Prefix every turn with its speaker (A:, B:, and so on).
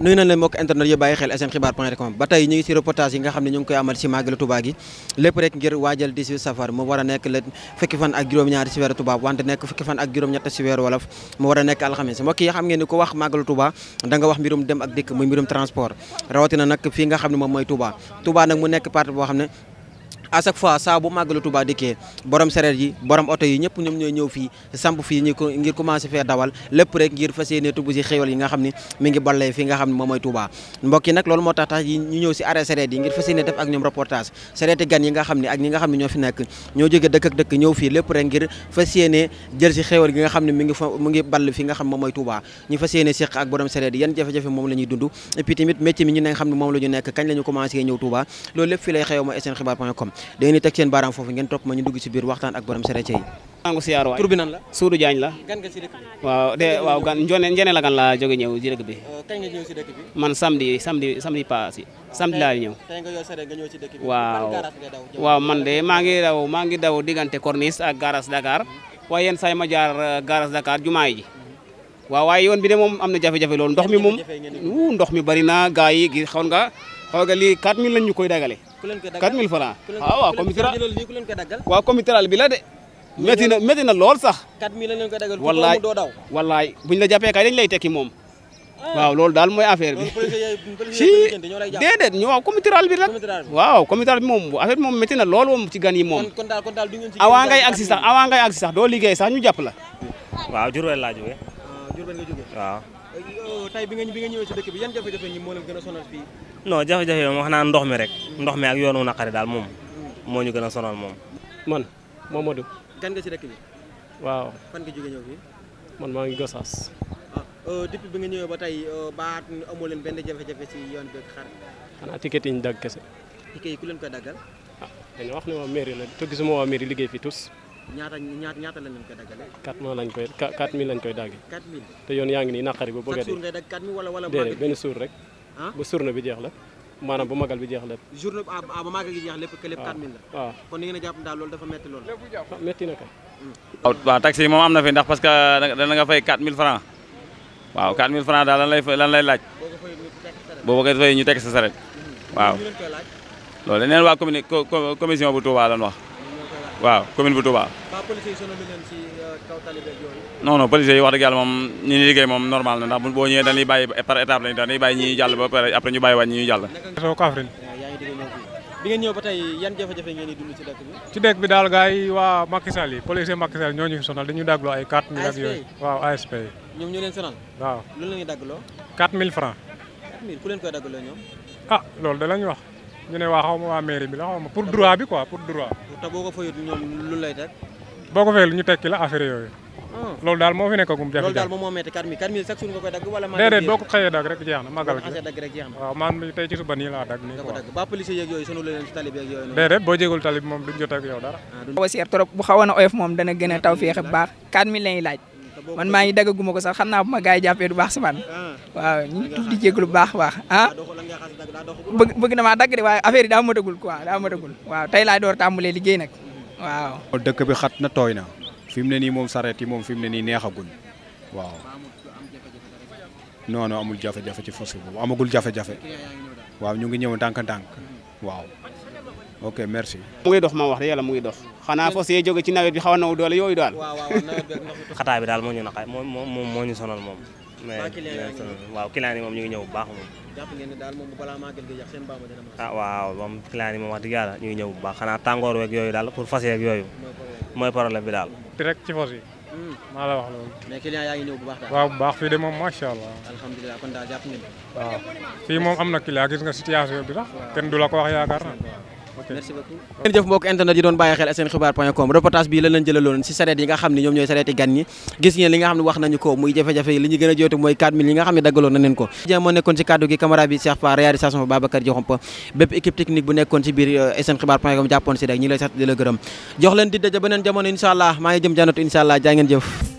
A: nuyu nañ leen mbokk internet yu bàyyi xel sn xibaar point com ba tey ñu nga xam ne ñu ngi koy amal ci màggalu Touba gi lépp rek ngir waajal 18 safar mu war a nekk le fan ak juróom ñett ci weeru wolof mu war a nekk alxames mbokk yi xam ngeen ko wax màggalu Touba da nga wax mbirum dem ak dikk muy mbirum transport rawatina nag fii nga xam ne moom mooy Touba Touba nag mu nekk parti boo xam ne à chaque fois saa bu màggalu Touba dikkee borom sereet yi borom oto yi ñëpp ñoom ñooy ñëw fii samp fii ñu ko ngir commencé fee dawal lépp rek ngir fas yéene tubb si yi nga xam ne mi ngi ballee fi nga xam ne moom mooy Touba mbokk yi nag loolu moo tax tax ñu ñëw si arrêt sereet yi ngir fas yéene def ak ñoom reportage sereeti gan yi nga xam ne ak ñi nga xam ne ñoo fi nekk ñoo jóge dëkk ak dëkk ñëw fii lépp rek ngir fas yéene jël si xéwal gi nga xam ne mi ngi fa ngi ball fi nga xam ne Touba ñu fas yéene ak borom sereet yi yan jafe-jafe moom la ñuy dund et puis tamit métier mi ñu ne nga xam ne moom la ñu nekk kañ la ñu commencé ñëw Touba loolu lépp fii lay xew mooy snxibar.com da ngeen di teg seen baaraam foofu ngeen topp ma ñu dugg ci biir waxtaan ak borom serete yi
B: nangu siyaar waay tur bi nan la Suudu Jaañ la gan nga ci dëkk bi waaw de waaw gan njone njone la gan laa jóge ñëw ci dëkk bi euh,
A: kañ nga ñëw ci dëkk bi
B: man samedi samedi samedi pas samedi laa ñëw
A: tey nga yor sareet nga ñëw
B: ci dëkk bi waaw waaw man de maa ngi daw maa ngi daw diggante corniche ak garage Dakar waaye yenn saa yi ma jaar euh, garage Dakar jumaay ji waaw waaye yoon bi de moom am na jafe-jafe loolu ndox mi moom ndox mi bari na gaa yi gi xaw nga xaw nga lii 4000 lañ ñu koy
A: 4000 francs ah, waaw waaw commissariat
B: waaw commissariat bi la de métti na lool sax
A: 4000 lañ
B: buñ la jàppee kay dañ lay tekki moom ah. waaw loolu daal mooy affaire bi si déedéet ñu waaw commissariat bi waaw commissariat bi moom affaire bi lool moom ci gan yi moom
A: avant ngay agsi sax
B: avant ngay agsi sax doo liggéey sax ñu jàpp la
A: waaw Diourbel laa jógee ah, tey bi nga bi nga ñëwee ci dëkk bi yan jafe-jafe ñi moo leen gën a sonal fii. non jafe-jafe moom wax naa ndox mi rek. ndox mi
B: ak yoonu naqari daal moom. moo ñu gën a sonal moom. man Mamadou. gan nga ci dëkk bi. waaw
A: fan nga jóge ñëw fii.
B: man maa ah,
A: euh, bi nga ñëwee ba tey euh, ba amoo leen benn jafe ci yoon bi ak xar.
B: xanaa ticket yi ñu ku leen koy daggal. ah wax ne waa mairie la te gisuma waa mairie liggéey fii tous.
A: ñaata ñaata ñaata lañ leen koy daggale.
B: 4000 lañ koy 4000 lañ koy daggee. 4000 te yoon yaa ngi nii naqari bu bëgg a
A: dee. benn suur
B: rek. Ah? bu surna bi jeex la. maanaam bu magal bi jeex lépp. journée ah,
A: ah ba magal gi jeex lépp que lépp 4000 ah, la. waaw kon ni ngeen a jàpp daal loolu dafa métti loolu. métti na kay.
B: waaw waaw taxi yi moom am na fi ndax parce que dana nga fay 4000 francs waaw 4000 francs daal lan lay laaj. boo ko fay ñu teg sa mm-hmm. waaw loolu dañ leen waa commune commission bu Touba lan wax. waaw commune bu Touba.
A: waaw policiers yi sonalul leen euh,
B: non non policiers yi wax dëgg yàlla moom ñi ñuy liggéey moom normal na ndax boo ñëwee dañuy bàyyi par étape lañu dañuy bàyyi ñi jàll ba pare après ñu bàyyi waat ñi ñuy jàll.
A: réseau Kaffrine. bi ngeen ñëw ba tey yan jafe-jafe ngeen di dund ci dëkk bi. ci dëkk bi daal gars yi waa Macky Sall yi policiers Macky Sall ñoo ñu fi sonal dañuy daggloo ay 4000. ak yooyu ñoo leen sonal. waaw lu leen di daggloo. 4000 francs. 4000 ku leen koy daggloo ñoom. ah loolu da lañ wax ñu ne waa xaw ma waa mairie bi la xaw ma pour droit bi quoi pour droit. boo ko fayut lu ñu tekki la affaire yooyu. Ah. loolu daal moo fi nekkagum jafe-jafe loolu daal moom boo ko xëyee moom duñ jot ak dara
B: ah, bu xawoon a oyof moom dana gën taw féexe bu baax 4000 lañuy laaj man maa ngi daggaguma ko sax xam naa bu ma gars yi jàppee du baax si man waaw ñu ngi tuub di jégalu baax baax ah bëgg na maa dagg de waaye affaire yi daa matagul quoi daa matagul waaw tey laa door tàmbalee liggéey nag waaw.
A: dëkk bi xat na tooy na fi mu ne nii moom sareet yi moom fi mu ne nii neexagul waaw non amul jafe-jafe ci fas boobu amagul jafe-jafe waaw ñu ngi ñëw ndànk-ndànk waaw.
B: ok merci. mu ngi dox ma wax de mu ngi dox xanaa fas yéene jóge ci nawet bi xaw na wu doole yooyu daal. xataa bi daal moo ñu naqar moo moo moo ñu sonal moom.
A: mais waaw client yi moom ñu ngi ñëw bu baax moom. jàpp ngeen ne daal ma dina ma. Ah, wax dëgg yàlla ñu ngi ñëw bu baax xanaa tàngoor weeg yooyu daal pour fas yeeg yooyu. mooy problème bi daal. direct ci fas yi. Hmm. maa la wax loolu. mais client yaa ñëw bu baax daal. waaw bu baax fii de moom ma allah. alhamdulilah fii moom am na client gis nga situation bi sax. kenn du la ko wax yaakaar na merci beaucoup ngeen jëf mbokk internet yi doon bàyyi xel sn reportage bi la leen jëlaloon si sareet yi nga xam ne ñoom ñooy gan ñi gis ngeen li nga xam wax nañu ko muy jafe-jafe li ñu gën a jooytu 4000 yi nga xam ne daggaloon ko jëm moo nekkoon si kaddu gi caméra bi Cheikh Fa réalisation équipe technique bu biir euh, rek ñi lay di la jox leen di jamono ngi jëm jannatu ngeen jëf